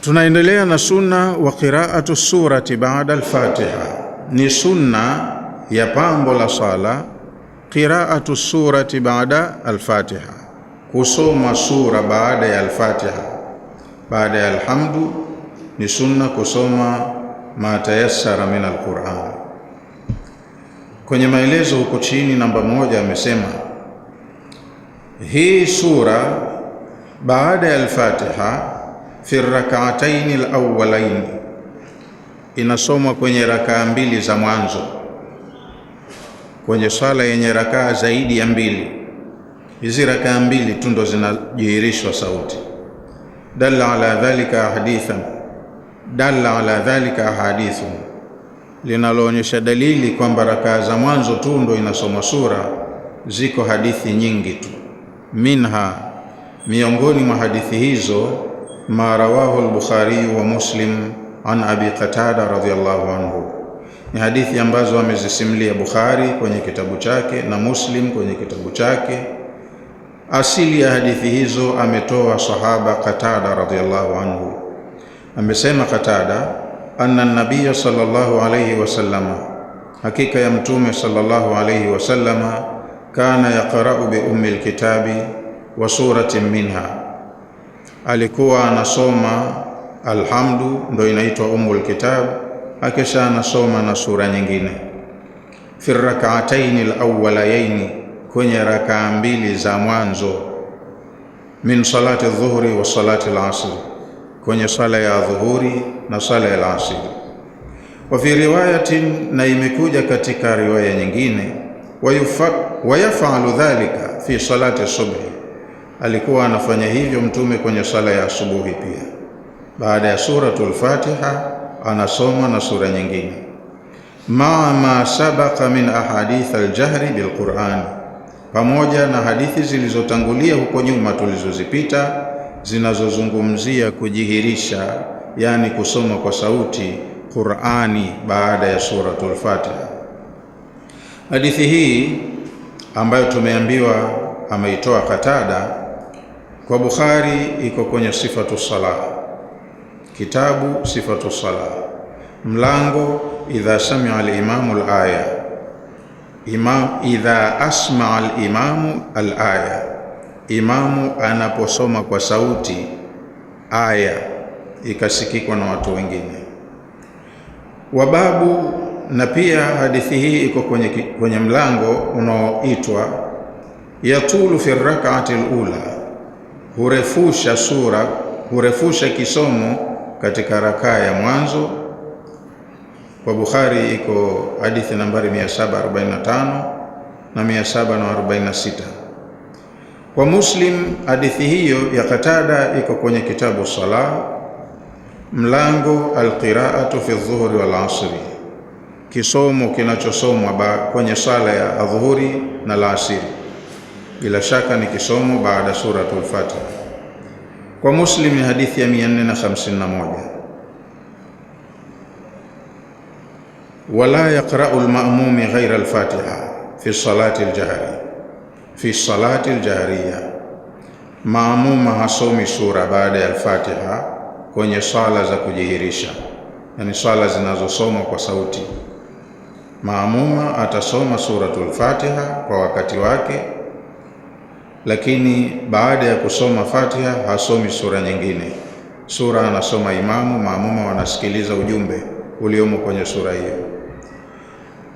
Tunaendelea na sunna wa qiraatu surati baada al-Fatiha. Ni sunna ya pambo la sala qiraatu surati baada al-Fatiha, kusoma sura baada ya al-Fatiha. Baada ya alhamdu ni sunna kusoma ma tayassara min al-Qur'an. Kwenye maelezo huko chini, namba moja, amesema hii sura baada ya al-Fatiha fi rakaatain alawwalain, inasomwa kwenye rakaa mbili za mwanzo, kwenye swala yenye rakaa zaidi ya mbili. Hizi rakaa mbili tu ndo zinajihirishwa sauti. Dalla ala dhalika hadithan, dalla ala dhalika hadithun, linaloonyesha dalili kwamba rakaa za mwanzo tu ndo inasoma sura. Ziko hadithi nyingi tu, minha, miongoni mwa hadithi hizo ma rawahu al-Bukhari wa Muslim an Abi Qatada radhiyallahu anhu. Ni hadithi ambazo amezisimulia Bukhari kwenye kitabu chake na Muslim kwenye kitabu chake. Asili ya hadithi hizo ametoa sahaba Qatada radhiyallahu anhu, amesema Qatada, anna nabiya sallallahu alayhi wasallama, hakika ya mtume sallallahu alayhi wasallama, kana yaqra'u bi ummi lkitabi wa suratin minha alikuwa anasoma alhamdu, ndo inaitwa umul kitab, akisha anasoma na sura nyingine. Fi rakaataini lawalayaini kwenye rakaa mbili za mwanzo. Min salati dhuhri wa salati alasri, kwenye sala ya dhuhuri na sala ya lasri Wa fi riwayatin, na imekuja katika riwaya nyingine, wayafalu dhalika fi salati subhi alikuwa anafanya hivyo mtume kwenye sala ya asubuhi pia. Baada ya suratul Fatiha anasoma na sura nyingine, ma ma sabaka min ahadith aljahri bilqurani, pamoja na hadithi zilizotangulia huko nyuma tulizozipita zinazozungumzia kujihirisha, yani kusoma kwa sauti Qurani baada ya suratul Fatiha. Hadithi hii ambayo tumeambiwa ameitoa Katada kwa Bukhari iko kwenye sifatu sala, kitabu sifatu sala, mlango idha samia al-aya imam idha asmaa al alaya, imamu anaposoma kwa sauti aya ikasikikwa na watu wengine. Wababu na pia hadithi hii iko kwenye, kwenye mlango unaoitwa yatulu fi rak'ati al-ula hurefusha sura, hurefusha kisomo katika rakaa ya mwanzo. Kwa Bukhari iko hadithi nambari 745 na 746. Kwa Muslim hadithi hiyo ya Qatada iko kwenye kitabu Salah, mlango alqiraatu fi dhuhuri wal asri, kisomo kinachosomwa kwenye sala ya adhuhuri na laasiri bila shaka ni kisomo baada suratul Fatiha. Kwa Muslim ni hadithi ya 451. Wala yaqra'u al-ma'mumi ghaira al-Fatiha fi salati al-jahri fi salati al-jahriya, maamuma hasomi sura baada ya al-Fatiha kwenye sala za kujihirisha, yani sala zinazosomwa kwa sauti. Maamuma atasoma suratul Fatiha kwa wakati wake lakini baada ya kusoma Fatiha hasomi sura nyingine. Sura anasoma imamu, maamuma wanasikiliza ujumbe uliomo kwenye sura hiyo.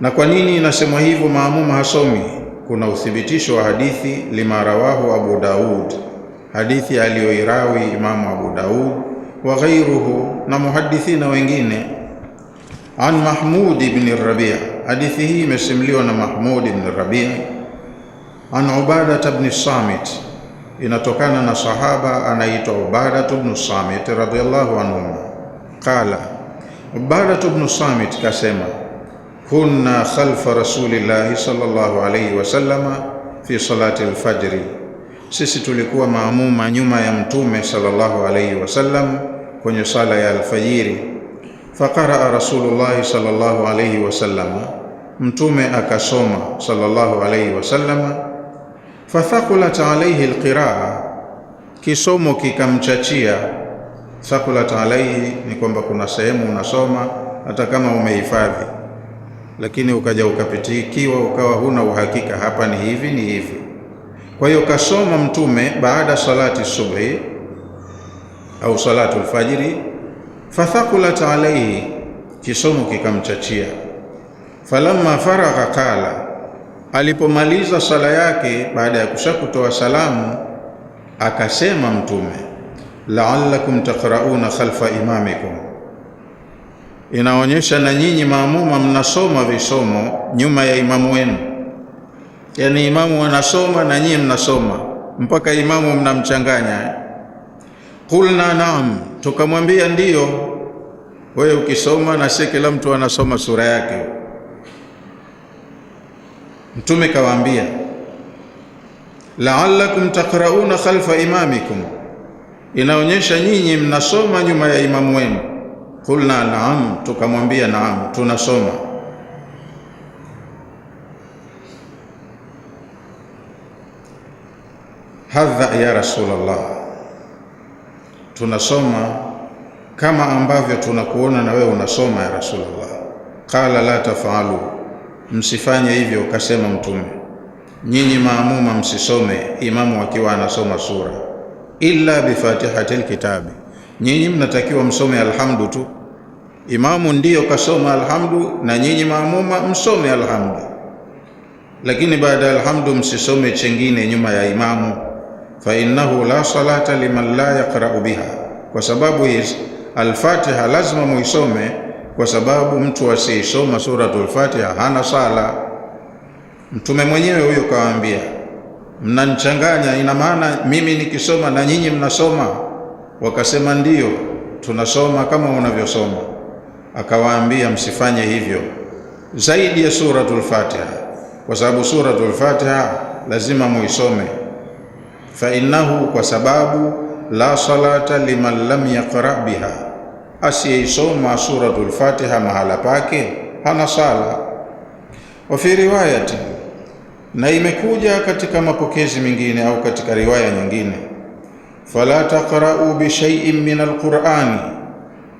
Na kwa nini inasemwa hivyo, maamuma hasomi? Kuna uthibitisho wa hadithi limarawahu Abu Daud, hadithi aliyoirawi Imamu Abu Daud wa ghairuhu na muhadithina wengine, an Mahmud ibn Rabia. Hadithi hii imesimuliwa na Mahmud ibn Rabia an Ubadata bni Samit, inatokana na sahaba anaitwa Ubadatu bnu Samit radhiyallahu anhu. Qala Ubadatu bnu Samit kasema, kunna khalfa rasulillahi sallallahu alayhi wasallama fi salati lfajri, sisi tulikuwa maamuma nyuma ya mtume sallallahu alayhi wasallam kwenye sala ya alfajiri. Faqaraa rasulullahi sallallahu alayhi wasallama, mtume akasoma sallallahu alayhi wasallama fathaqulat alaihi alqiraa, kisomo kikamchachia. Thaqulat alaihi ni kwamba kuna sehemu unasoma hata kama umehifadhi, lakini ukaja ukapitikiwa, ukawa huna uhakika, hapa ni hivi ni hivi. Kwa hiyo kasoma Mtume baada salati subhi au salatu lfajiri, fathaqulat alaihi, kisomo kikamchachia. Falamma faragha qala Alipomaliza sala yake baada ya kushakutoa salamu, akasema Mtume, la'allakum taqra'una khalfa imamikum, inaonyesha na nyinyi maamuma mnasoma visomo nyuma ya imamu wenu, yani imamu anasoma na nyinyi mnasoma mpaka imamu mnamchanganya. Qulna naam, tukamwambia ndiyo, wewe ukisoma na sisi, kila mtu anasoma sura yake Mtume kawaambia, la'allakum taqrauna khalfa imamikum, inaonyesha nyinyi mnasoma nyuma ya imamu wenu. Qulna naam, tukamwambia naam, tunasoma. Hadha ya Rasulullah, tunasoma kama ambavyo tunakuona na wewe unasoma ya Rasulullah. Qala la tafalu msifanye hivyo, kasema Mtume, nyinyi maamuma msisome imamu akiwa anasoma sura illa bifatihati lkitabi, nyinyi mnatakiwa msome alhamdu tu. Imamu ndiyo kasoma alhamdu, na nyinyi maamuma msome alhamdu, lakini baada ya alhamdu msisome chengine nyuma ya imamu. Fa innahu la salata liman la yaqra'u biha, kwa sababu alfatiha lazima muisome kwa sababu mtu asiisoma Suratul Fatiha hana sala. Mtume mwenyewe huyo kawaambia, mnanichanganya, ina maana mimi nikisoma na nyinyi mnasoma? Wakasema ndiyo, tunasoma kama unavyosoma. Akawaambia, msifanye hivyo zaidi ya Suratul Fatiha, kwa sababu Suratul Fatiha lazima muisome. Fa innahu, kwa sababu la salata liman lam yaqra biha asiyeisoma Suratul Fatiha mahala pake hana sala. Wa fi riwayati, na imekuja katika mapokezi mengine au katika riwaya nyingine, fala taqra'u bi shay'in min alqur'ani,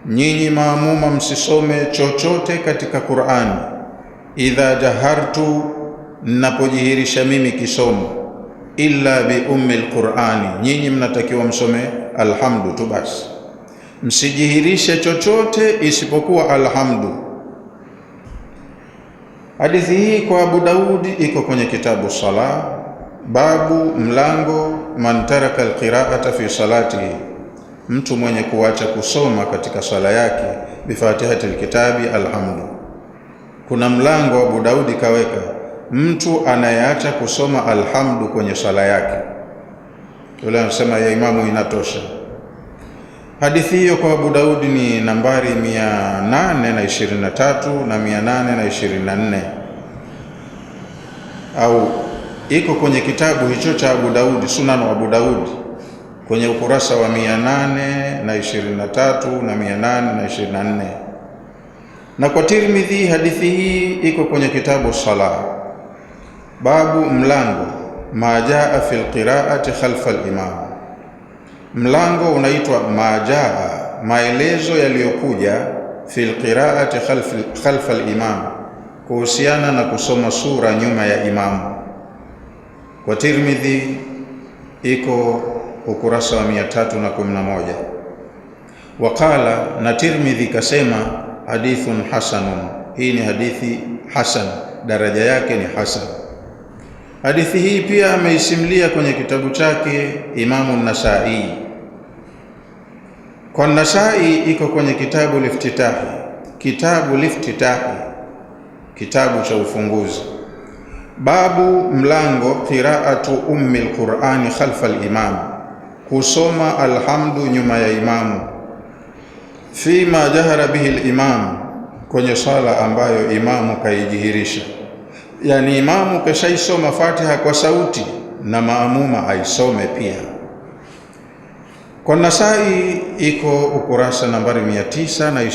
nyinyi maamuma msisome chochote katika Qur'ani. Idha jahartu, napojihirisha mimi kisomo, illa bi ummi alqur'ani, nyinyi mnatakiwa msome alhamdu tu basi msijihirishe chochote isipokuwa alhamdu. Hadithi hii kwa Abu Daudi iko kwenye kitabu sala, babu mlango man taraka alqiraata fi salatihi, mtu mwenye kuacha kusoma katika sala yake bifatihati alkitabi alhamdu. Kuna mlango Abu Daudi kaweka mtu anayeacha kusoma alhamdu kwenye sala yake, yule anasema ya imamu inatosha Hadithi hiyo kwa Abu Daudi ni nambari 823 na 824 au iko kwenye kitabu hicho cha Abu Daudi, Sunan wa Abu Daudi kwenye ukurasa wa 823 na 824. Na kwa Tirmidhi hadithi hii iko kwenye kitabu Salah, babu mlango majaa fi lqiraati khalfa limam Mlango unaitwa majaa, maelezo yaliyokuja fil qiraati khalfa al-imam, kuhusiana na kusoma sura nyuma ya imamu. Kwa Tirmidhi iko ukurasa wa 311. Waqala, na Tirmidhi kasema hadithun hasanun, hii ni hadithi hasan, daraja yake ni hasan. Hadithi hii pia ameisimlia kwenye kitabu chake Imamu Nasai kwa Nashai iko kwenye kitabu liftitahi, kitabu liftitahi, kitabu cha ufunguzi. Babu mlango qiraatu ummi lqurani khalfa limamu, kusoma alhamdu nyuma ya imamu. Fima jahara bihi limamu, kwenye sala ambayo imamu kaijihirisha, yani imamu kashaisoma Fatiha kwa sauti na maamuma aisome pia kwa Nasai iko ukurasa nambari mia na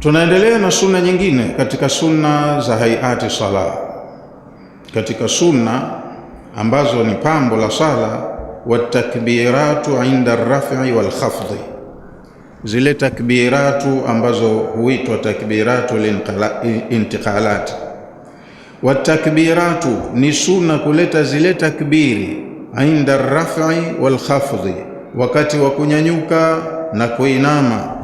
Tunaendelea na sunna nyingine katika sunna za haiati sala, katika sunna ambazo ni pambo la sala, watakbiratu inda rafi walkhafdi, zile takbiratu ambazo huitwa takbiratu lintiqalati Watakbiratu ni sunna kuleta zile takbiri, inda rafi walkhafdhi, wakati wa kunyanyuka na kuinama,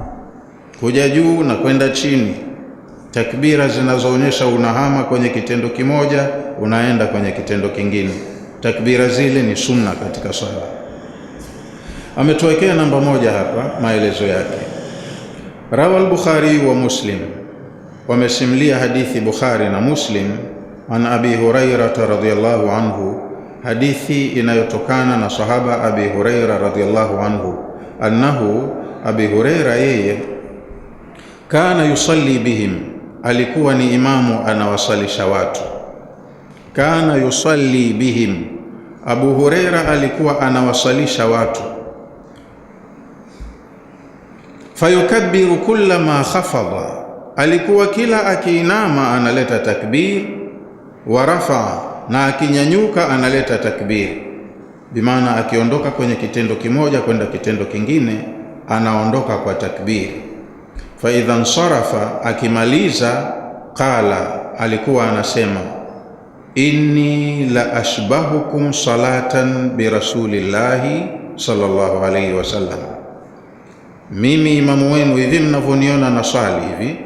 kuja juu na kwenda chini. Takbira zinazoonyesha unahama kwenye kitendo kimoja unaenda kwenye kitendo kingine, takbira zile ni sunna katika swala. Ametuwekea namba moja hapa maelezo yake. Rawa al-Bukhari wa Muslim, wamesimlia hadithi Bukhari na Muslim an abi hurairata radhiyallahu anhu, hadithi inayotokana na sahaba abi huraira radhiyallahu anhu, annahu abi huraira yeye kana yusalli bihim, alikuwa ni imamu anawasalisha watu. Kana yusalli bihim, Abu Huraira alikuwa anawasalisha watu. Fayukabbiru kulla ma khafadha, alikuwa kila akiinama analeta takbir wa rafaa, na akinyanyuka analeta takbiri, bimaana akiondoka kwenye kitendo kimoja kwenda kitendo kingine anaondoka kwa takbiri. Fa idha nsarafa, akimaliza, qala, alikuwa anasema inni la ashbahukum salatan birasulillahi sallallahu alayhi wasallam, mimi imamu wenu hivi mnavyoniona na swali hivi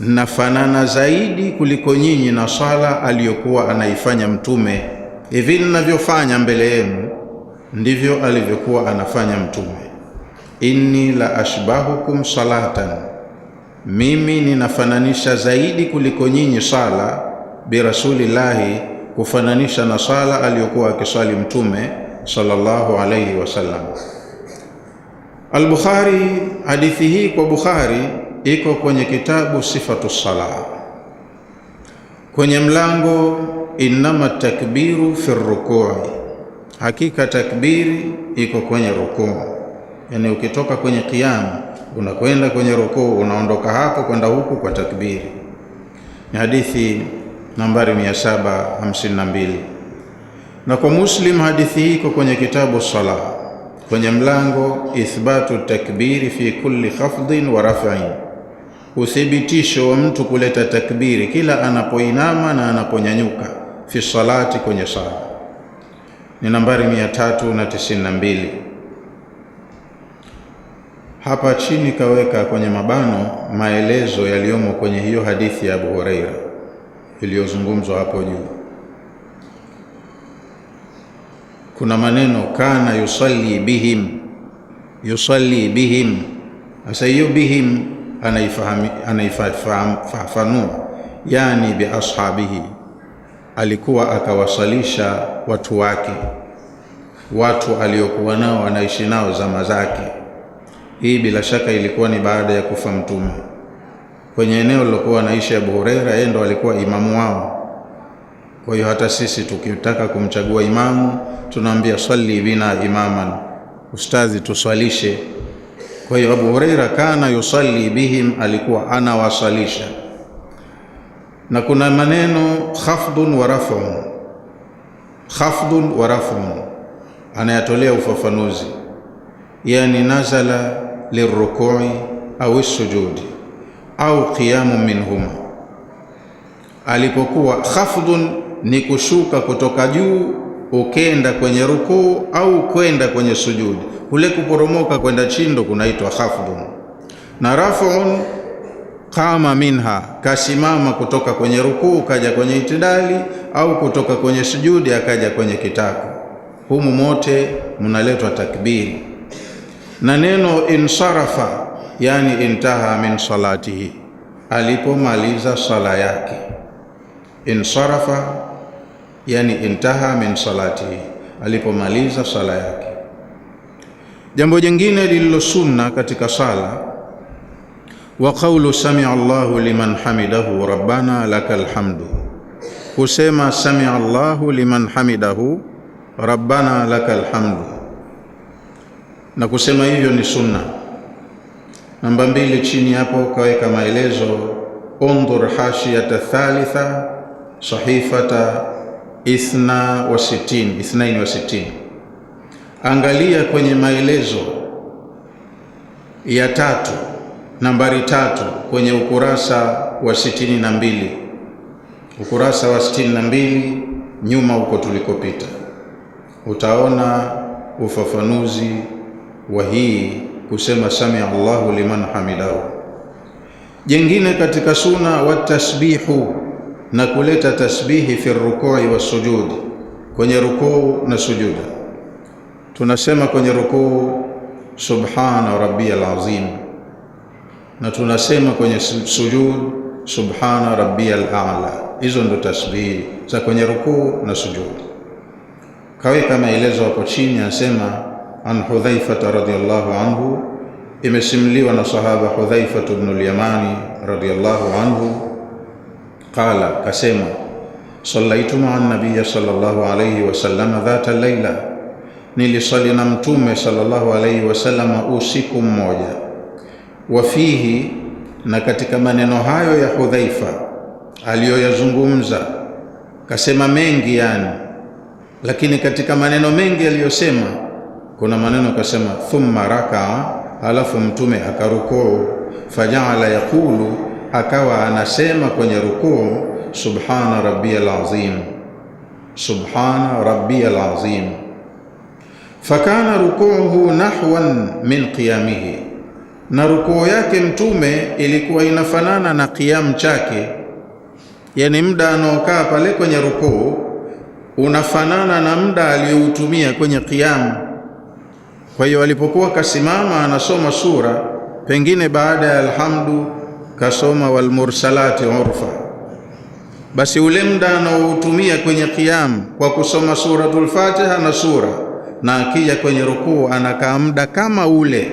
nafanana zaidi kuliko nyinyi na sala aliyokuwa anaifanya Mtume. Hivi ninavyofanya mbele yenu ndivyo alivyokuwa anafanya Mtume. Inni la ashbahukum salatan, mimi ninafananisha zaidi kuliko nyinyi sala. Birasulillahi, kufananisha na sala aliyokuwa akiswali Mtume sallallahu alayhi wasallam. Al-Bukhari, hadithi hii kwa Bukhari iko kwenye kitabu Sifatu Sala kwenye mlango innama takbiru fi rukui, hakika takbiri iko kwenye rukuu. Yani ukitoka kwenye kiama unakwenda kwenye rukuu, unaondoka hapo kwenda huku kwa takbiri. Ni hadithi nambari 752 na kwa Muslim hadithi hii iko kwenye kitabu Sala kwenye mlango ithbatu takbiri fi kulli khafdin wa raf'in uthibitisho wa mtu kuleta takbiri kila anapoinama na anaponyanyuka fi salati, kwenye sala ni nambari 392. Hapa chini kaweka kwenye mabano maelezo yaliyomo kwenye hiyo hadithi ya Abu Huraira iliyozungumzwa hapo juu. Kuna maneno kana yusalli bihim, yusalli bihim. Sasa hiyo bihim anaifafanua, yani biashabihi, alikuwa akawasalisha watu wake, watu aliokuwa nao anaishi nao zama zake. Hii bila shaka ilikuwa ni baada ya kufa Mtume kwenye eneo lilokuwa anaishi Abu hureira yeye ndo alikuwa imamu wao. Kwa hiyo hata sisi tukitaka kumchagua imamu tunaambia swali bina imaman, ustadhi tuswalishe kwa hiyo Abu Huraira kana yusalli bihim, alikuwa anawasalisha. Na kuna maneno khafdun wa raf'un, khafdun wa raf'un anayatolea ufafanuzi, yani nazala lirrukui au sujudi au qiyamu minhuma. Alipokuwa khafdun ni kushuka kutoka juu ukenda kwenye rukuu au kwenda kwenye sujudi kule kuporomoka kwenda chindo kunaitwa khafdun, na rafun qama minha, kasimama kutoka kwenye rukuu kaja kwenye itidali, au kutoka kwenye sujudi akaja kwenye kitako. Humu mote mnaletwa takbiri na neno insarafa, yani intaha min salatihi, alipomaliza sala yake. Insarafa yani intaha min salatihi, alipomaliza sala yake Jambo jingine lililo sunna katika sala wa qawlu samia Allahu liman hamidahu rabbana lakal hamdu, kusema samia Allahu liman hamidahu rabbana lakal hamdu, na kusema hivyo ni sunna. Namba mbili chini hapo kaweka maelezo, undhur hashiyata thalitha sahifata ithna wa sitini, ithnaini wa sitini Angalia kwenye maelezo ya tatu, nambari tatu kwenye ukurasa wa sitini na mbili ukurasa wa sitini na mbili nyuma huko tulikopita, utaona ufafanuzi wa hii kusema samia Allahu liman hamidahu. Jengine katika suna wa tasbihu na kuleta tasbihi fi rukui wa sujudi, kwenye rukuu na sujudi tunasema kwenye rukuu subhana rabbiyal azim, na tunasema kwenye sujud subhana rabbiyal a'la. Hizo ndo tasbihi za kwenye rukuu na sujud. Kaweka maelezo hapo chini, anasema an Hudhaifata radhiyallahu anhu, imesimuliwa na sahaba Hudhaifatu bnul Yamani radhiyallahu anhu qala, kasema sallaitu maa nabiya sallallahu alayhi wasallam dhata laila niliswali na Mtume sallallahu alaihi wasallam usiku mmoja. Wafihi, na katika maneno hayo ya Hudhaifa aliyoyazungumza kasema mengi yani, lakini katika maneno mengi aliyosema kuna maneno kasema thumma rakaa, alafu Mtume akarukuu, fajaala yaqulu, akawa anasema kwenye rukuu subhana rabbiyal azim, subhana rabbiyal azim fakana rukuuhu nahwan min qiyamihi, na rukuu yake Mtume ilikuwa inafanana na qiyamu chake, yani muda anaokaa pale kwenye rukuu unafanana na muda aliyoutumia kwenye qiyamu. Kwa hiyo alipokuwa kasimama anasoma sura, pengine baada ya alhamdu kasoma walmursalati urfa basi ule muda anaoutumia kwenye qiyamu kwa kusoma Suratul Fatiha na sura na akija kwenye rukuu anakaa muda kama ule,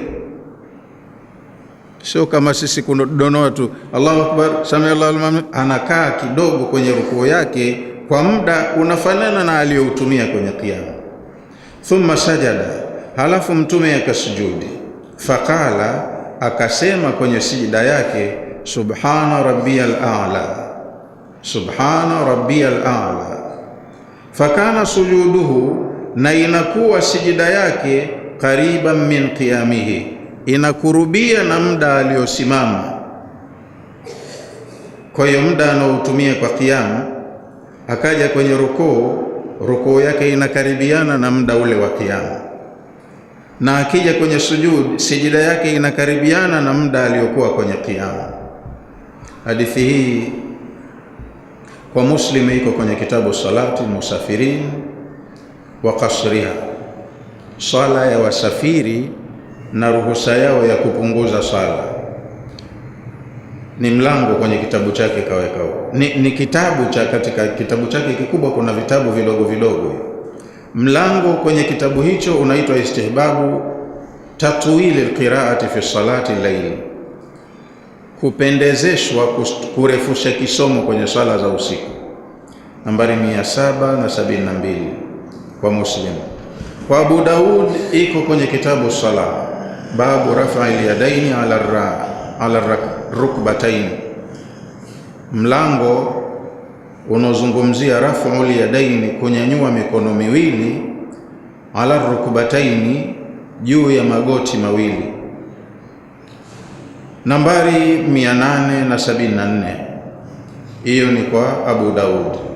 sio kama sisi kudonoa tu Allahu akbar sami Allahu liman, anakaa kidogo kwenye rukuu yake kwa muda unafanana na aliyoutumia kwenye qiyama. Thumma sajada, halafu mtume akasujudi. Faqala, akasema kwenye sijida yake subhana rabbiyal a'la, subhana rabbiyal a'la. Fakana sujuduhu na inakuwa sijida yake qariban min qiyamihi, inakurubia na muda aliyosimama. Kwa hiyo muda anaoutumia kwa kiamu, akaja kwenye rukuu, rukuu yake inakaribiana na muda ule wa kiamu, na akija kwenye sujud, sijida yake inakaribiana na muda aliyokuwa kwenye kiamu. Hadithi hii kwa Muslim iko kwenye kitabu Salati Musafirin wa kasriha, sala ya wasafiri na ruhusa yao ya kupunguza sala. Ni mlango kwenye kitabu chake kaweka huko, ni, ni kitabu cha katika kitabu chake kikubwa, kuna vitabu vidogo vidogo. Mlango kwenye kitabu hicho unaitwa istihbabu tatwili alqiraati fi salati llail, kupendezeshwa kurefusha kisomo kwenye sala za usiku, nambari 772 kwa Muslim. Kwa Abu Daud iko kwenye kitabu sala, babu raf'il yadaini ala ra ala rukbatain, mlango unaozungumzia raf'ul yadaini, kunyanyua mikono miwili ala rukbataini, juu ya magoti mawili, nambari 874. Hiyo ni kwa Abu Daud.